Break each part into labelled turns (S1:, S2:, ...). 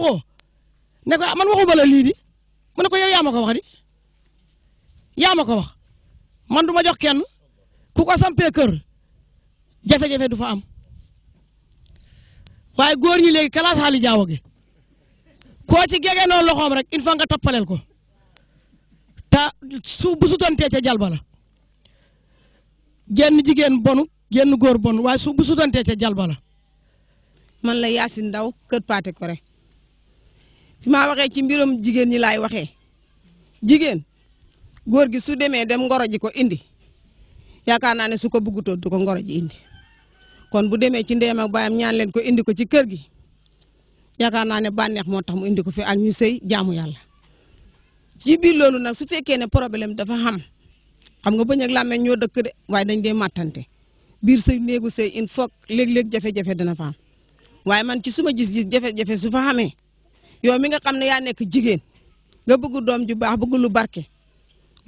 S1: ko ne ko ah, man waxuma la lii man na ko yow yaa ko wax di yaa ma ko wax man du ma jox kenn ku ko sampee kër jafe-jafe du fa am waaye góor ñi léegi kalaas xaali jaawo gi koo ci gege noonu loxoom rek il faut nga tappaleel ko te su bu sutantee ca jalba genn jigéen bonu genn góor bon waaye su bu sutantee ca jalba man la Yacine Ndaw kër Paate rek fi maa waxee ci mbirum jigéen ñi laay waxee jigéen góor gi su demee dem ngoro ji ko indi yaakaar naa ne su ko buggutoon du ko ngoro ji indi kon bu demee ci ndeyam ak baayam ñaan leen ko indi ko ci kër gi yaakaar naa ne bànneex moo tax mu indi ko fi ak ñu sëy jaamu yàlla. ci biir loolu nag su fekkee ne problème dafa xam xam nga bëñ ak làmmeñ ñoo dëkk de waaye dañ dee màttante biir sëy néegu sëy il faut léeg-léeg jafe-jafe dana fa am waaye man ci suma gis-gis jafe su fa xamee. yow mi nga xam ne yaa nekk jigéen nga bëgg doom ju baax bëgg lu barke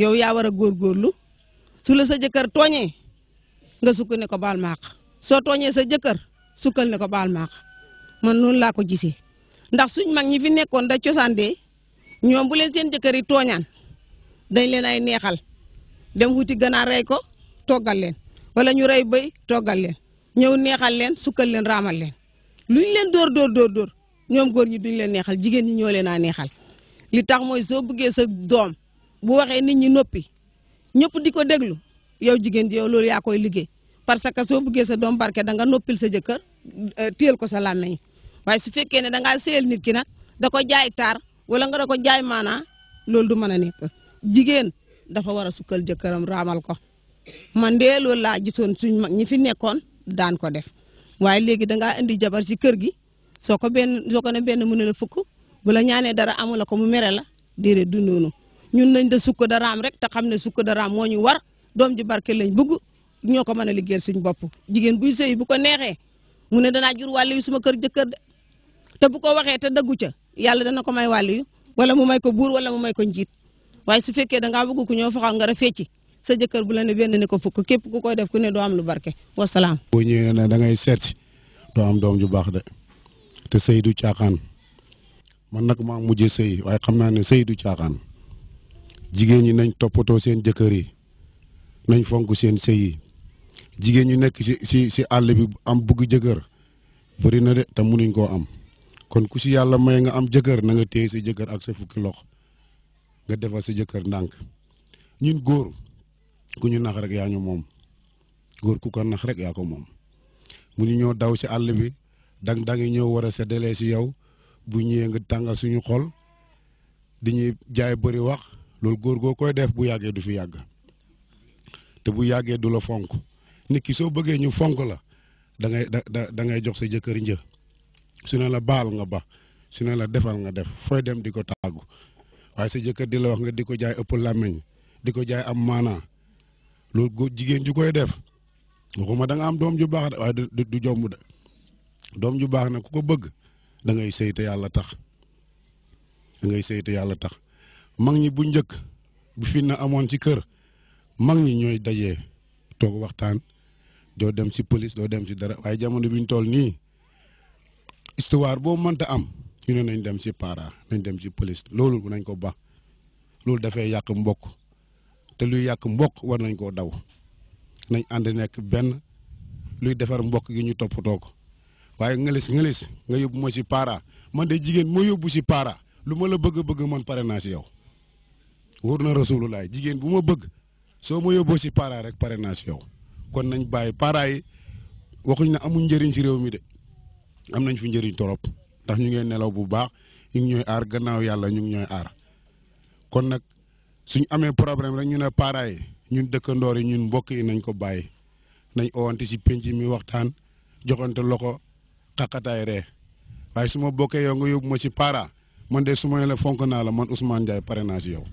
S1: yow yaa war a góorgóorlu su la sa jëkkër tooñee nga sukk ne ko baal soo tooñee sa jëkkër sukkal ne ko baal maax man noonu laa ko gisee ndax suñ mag ñi fi nekkoon da cosaan de ñoom bu leen seen jëkkër yi tooñaan dañ leen ay neexal dem wuti ganaar rey ko toggal leen wala ñu rey bëy toggal leen ñëw neexal leen sukkal leen raamal leen leen dóor dóor dóor dóor ñoom góor ñi duñ leen neexal jigéen ñi ñoo leen a neexal li tax mooy soo bëggee sa doom bu waxee nit ñi noppi ñëpp di ko déglu yow jigéen ji yow loolu yaa koy liggéey parce que soo bëggee sa doom barke danga nga noppil sa jëkkër euh, téyel ko sa làmmeñ waaye su fekkee ne danga ngaa seeyal nit ki nag da ko jaay taar wala nga da ko jaay maanaa loolu du mën a nekk jigéen dafa war a sukkal jëkkëram raamal ko man de loolu laa gisoon suñ mag ñi fi nekkoon daan ko def waaye léegi da ngaa indi jabar ci kër gi. soo ko benn soo ko benn mu ne la fukk bu la ñaanee dara amu la ko mu mere la déedéet du noonu ñun nañ da sukk daraam rek te xam ne sukk daraam moo ñu war doom ji barke lañ bëgg ñoo ko mën a liggéeyal suñu bopp jigéen buy sëy bu ko neexee mu ne danaa jur wàll suma kër jëkkër te bu ko waxee te dëggu ca yàlla dana ko may wàll yu wala mu may ko buur wala mu may ko njiit waaye su fekkee dangaa bëgg ku ñëw faxaw nga rafet sa jëkkër bu la ne benn ne ko fukk képp ku koy def ku ne doo am lu barke wasalaam.
S2: boo ñëwee ne da ngay seet si doo am doom ju baax te sëy du caaxaan man nag maa mujj sey waaye xam naa ne sëy du caaxaan jigéen ñi nañ toppatoo seen jëkkër yi nañ fonk seen sëy jigéen ñu nekk si si si àll bi am bugg jëkkër bëri na de te munuñ koo am kon ku si yàlla may nga am jëkkër na nga téye sa jëkkër ak sa fukki lox nga defal si jëkkër ndànk ñun góor ku ñu nax rek yaa ñu moom góor ku ko nax rek yaa ko moom mu ñu ñoo daw si àll bi da dangi ñëw war a seddalee si yow bu ñëwee nga tàngal suñu xol di ñuy jaay bari wax loolu góor goo koy def bu yàggee du fi yàgg te bu yàggee du la fonk nit ki soo bëggee ñu fonk la dangay ngay jox sa jëkkër një su ne la baal nga ba su ne la defal nga def fooy dem di ko tàggu waaye sa jëkkër di la wax nga di ko jaay ëpp làmmiñ di ko jaay am maanaa loolu jigéen ju koy def waxuma da nga am doom ju baax waaye du du jomb de doom ju baax nag ku ko bëgg da ngay sëy te yàlla tax da ngay sëy yàlla tax mag ñi bu njëkk bu fi na amoon ci kër mag ñi ñooy dajee toog waxtaan doo dem si police doo dem ci dara waaye jamono bi ñu toll nii histoire boo mënta am ñu nañ dem si para nañ dem ci police loolu nañ ko baax loolu dafay yàq mbokk te luy yàq mbokk war nañ koo daw nañ ànd nekk benn luy defar mbokk gi ñu toppatoo ko waaye ngelis ngelis nga yóbbu ma si para man de jigéen ma yóbbu si para lu ma la bëgg bëgg man pare naa si yow wóor na rasulullah jigéen bu ma bëgg soo ma yóbboo si para rek pare naa si yow kon nañ bàyyi para yi waxuñ ne amuñ njëriñ si réew mi de am nañ fi njëriñ torop ndax ñu ngeen nelaw bu baax ñu aar gannaaw yàlla ñu ngi ñooy aar kon nag suñ amee problème rek ñu ne para yi ñun dëkkandoor yi ñun mbokk yi nañ ko bàyyi nañ owante si penc mi waxtaan joxante loxo. xaqataay ree waaye su ma bokkee yow nga yóbbu ci para man de su ma la fonk naa la man Ousmane Ndiaye pare naa ci yow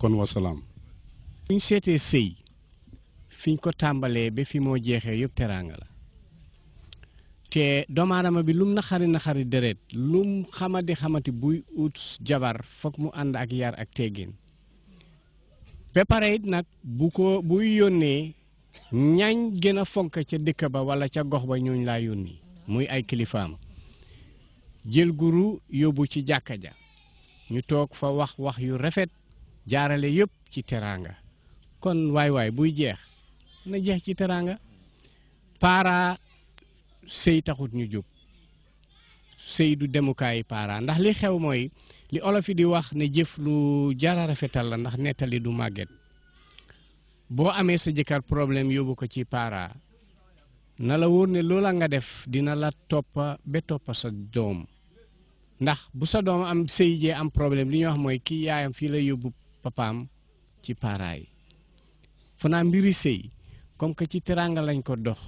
S2: kon wasalaam.
S3: bu ñu seetee sëy ko tàmbalee ba fi moo jeexee yëpp teraanga la te doomu bi lum naxari naxari deret lum xamadi xamati buy ut jabar foog mu ànd ak yar ak teggin ba pare it nag bu ko buy yónnee ñañ gën a fonk ca dëkk ba wala ca gox ba ñooñ laa yónni muy ay kilifaam jël guru yóbbu ci jàkka ja ñu toog fa wax wax yu rafet jaarale yëpp ci teraanga kon waay waay buy jeex na jeex ci teraanga para sëy taxut ñu jóg sëy du demukaayi para ndax li xew mooy li olof yi di wax na jëf lu jara rafetal la ndax nettali du màgget boo amee sa jëkkër problème yóbbu ko ci para na la wóor ne loola nga def dina la toppa ba toppa sa doom ndax bu sa doom am sëy jee am problème li ñuy wax mooy kii yaayam fii lay yóbbu papaam ci paaraay fanaa mbiri sëy comme que ci teraanga lañ ko dox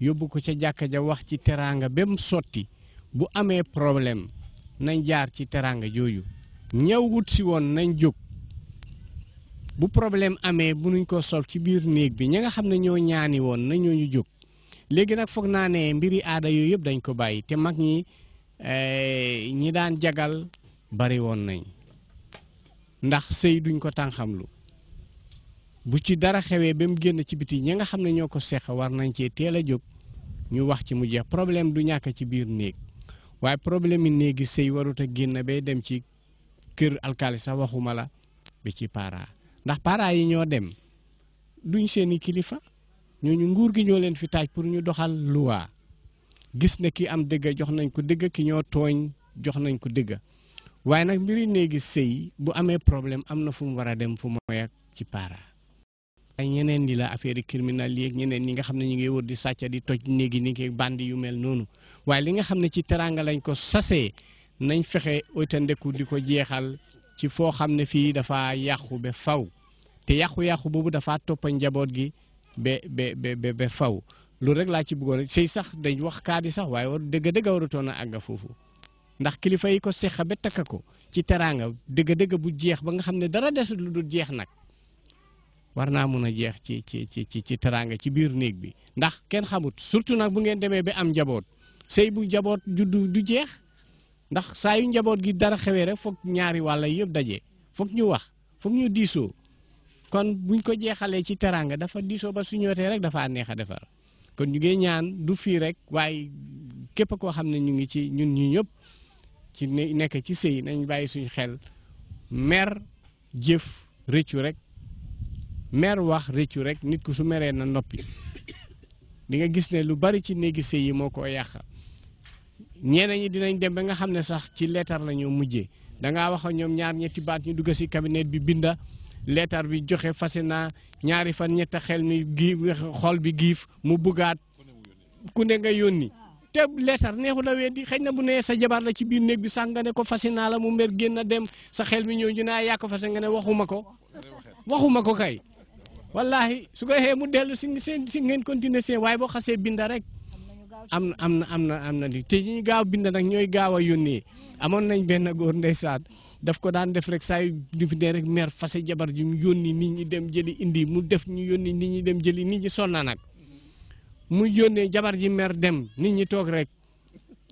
S3: yóbbu ko ca jàkka ja wax ci teraanga bem sotti bu amee problème nañ jaar ci teraanga jooju ñëw wut si woon nañ jóg bu problème amee bu nuñ ko sol ci biir néeg bi ñi nga xam ne ñoo ñaani woon nañoo ñu jóg léegi nag foog naa ne mbiri aada yooyu yëpp dañ ko bàyyi te mag ñi eh, ñi daan jagal bari woon nañ ndax sëy duñ ko tànxamlu bu ci dara xewee ba mu génn ci biti ñi nga xam ne ñoo ko seq war nañ cee teel a jóg ñu wax ci mu jeex problème du ñàkk ci biir néeg waaye problème yi néegi sëy warut a génn bay dem ci kër alkaali sa waxuma la bi ci para ndax para yi ñoo dem duñ seeni kilifa ñooñu nguur gi ñoo leen fi taaj pour ñu doxal luwaa gis ne ki am dëgg jox nañ ko dëgg ki ñoo tooñ jox nañ ko dëgg waaye nag mbiri néegi sëy bu amee problème am na fu mu war a dem fu mooy ak ci para ay ñeneen di la affaire criminal yi ak ñeneen ñi nga xam ne ñu ngi wër di sàcca di toj néegi ni ki bandi yu mel noonu waaye li nga xam ne ci teraanga lañ ko sasee nañ fexe oytandeku di ko jeexal ci foo xam ne fii dafa yàqu ba faw te yàqu-yàqu boobu dafa toppa njaboot gi be ba ba ba faw loolu rek laa ci buggoon rek sëy sax dañ wax kaadi sax waaye war dëgg-dëgg warutoon a foofu ndax kilifa yi ko seqa ba takk ko ci teraanga dëgg-dëgg bu jeex ba nga xam ne dara desut lu du jeex nag war naa mun a jeex ci ci ci ci ci teraanga ci biir néeg bi ndax kenn xamut surtout nag bu ngeen demee ba am njaboot sëy bu njaboot juddu du jeex ndax saa yu njaboot gi dara xewee rek foog ñaari wàlla yëpp daje foog ñu wax foog ñu diisoo kon buñ ko jeexalee ci teraanga dafa diisoo ba su ñëwatee rek dafa neex a defar kon ñu ngi ñaan du fii rek waaye képp koo xam ne ñu ngi ci ñun ñu ñëpp ci nekk ci sëy nañ bàyyi suñu xel mer jëf rëccu rek mer wax rëccu rek nit ku su meree na noppi di nga gis ne lu bari ci néegi sëy yi moo ko yàq ñeneen ñi dinañ dem ba nga xam ne sax ci leetar la ñoo mujjee da ngaa wax ñoom ñaar ñetti baat ñu dugg si cabinet bi binda leetar bi joxe fase naa ñaari fan ñetta xel mi gi xol bi giif mu bugaat ku ne nga yónni te leetar neexu la weddi xëy bu nee sa jabar la ci biir néeg bi sax nga ne ko fase naa la mu mer génn dem sa xel mi ñëw ñu naa ah, yaa ko fase nga ne waxuma ko waxuma ko kay wallahi su ko xee mu dellu si seen si ngeen continuer seen waaye boo xasee binda rek am am na am na am na li te ñi gaaw bind nag ñooy gaaw a yónnee amoon nañ benn góor ndeysaan daf ko daan def rek saa yu difidee rek meer fase jabar ji mu yónni nit ñi dem jëli indi mu def ñu yónni ni ñi dem jëli nit ñi sonna nag mu yónnee jabar ji meer dem nit ñi toog rek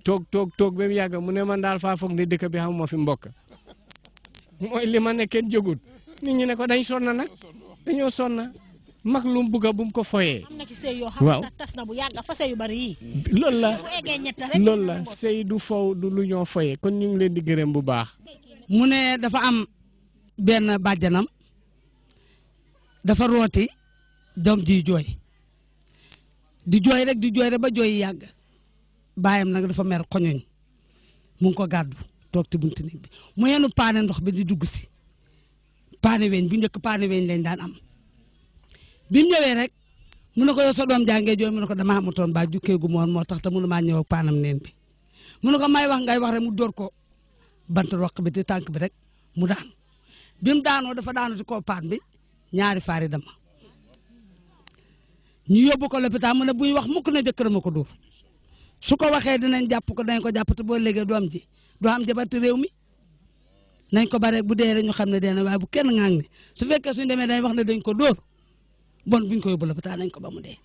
S3: toog toog toog ba mu yàgg mu ne man daal faa foog ne dëkk bi xamuma fi mbokk mooy li ma ne kenn jógut nit ñi ne ko dañ sonna nag dañoo sonna mag lu mu bugg bu mu ko foyee.
S1: am na ci na bu yàgg fa sëy yu la loolu
S3: la sëy du fow du lu ñoo foyee kon ñu ngi
S4: leen di gërëm bu baax. mu ne dafa am benn bàjjanam dafa rooti doom ji jooy di jooy rek di jooy rek ba jooy yàgg yam nag dafa mer xoñoñ mu ngi ko gàddu toog ci buntu bi mu yenu paane ndox bi di dugg si paane weñ bu njëkk paane weñ lañ daan am bi mu ñëwee rek mu ne ko yow sa doom jàngee jooy mu ne ko damaa amutoon ba jukkee gu moon moo tax te mënu maa ñëw paanam neen bi mu ne ko may wax ngay wax mu dóor ko bant roq bi te tànk bi rek mu daan bi mu daanoo dafa daanu di kaw paan bi ñaari faari dama ñu yóbbu ko lopitaan mu ne buy wax mukk na jëkkër ma ko dóor su ko waxee dinañ jàpp ko dañ ko jàpp te boo léegi doom ji doo am jabar te réew mi nañ ko bare bu dee rek ñu xam ne dee na waaye bu kenn ŋang ne su fekkee suñ demee dañ wax ne dañ ko dóor bon buñ ko yóbbu lopitaan nañ ko ba mu dee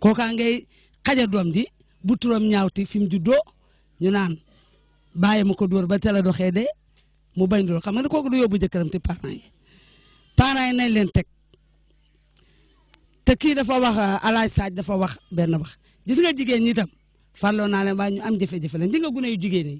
S4: kookaa ngay xaja doom ji bu turam ti fi mu juddoo ñu naan bàyyi ma ko dóor ba teel a doxee de mu bañ loolu xam nga ne kooku du yóbbu jëkkëram te parents yi parents yi nañ leen teg te kii dafa wax alaaj saaj dafa wax benn wax gis nga jigéen ñi tam farloo naa leen waaye ñu am jafe-jafe la gune yu jigéen ñi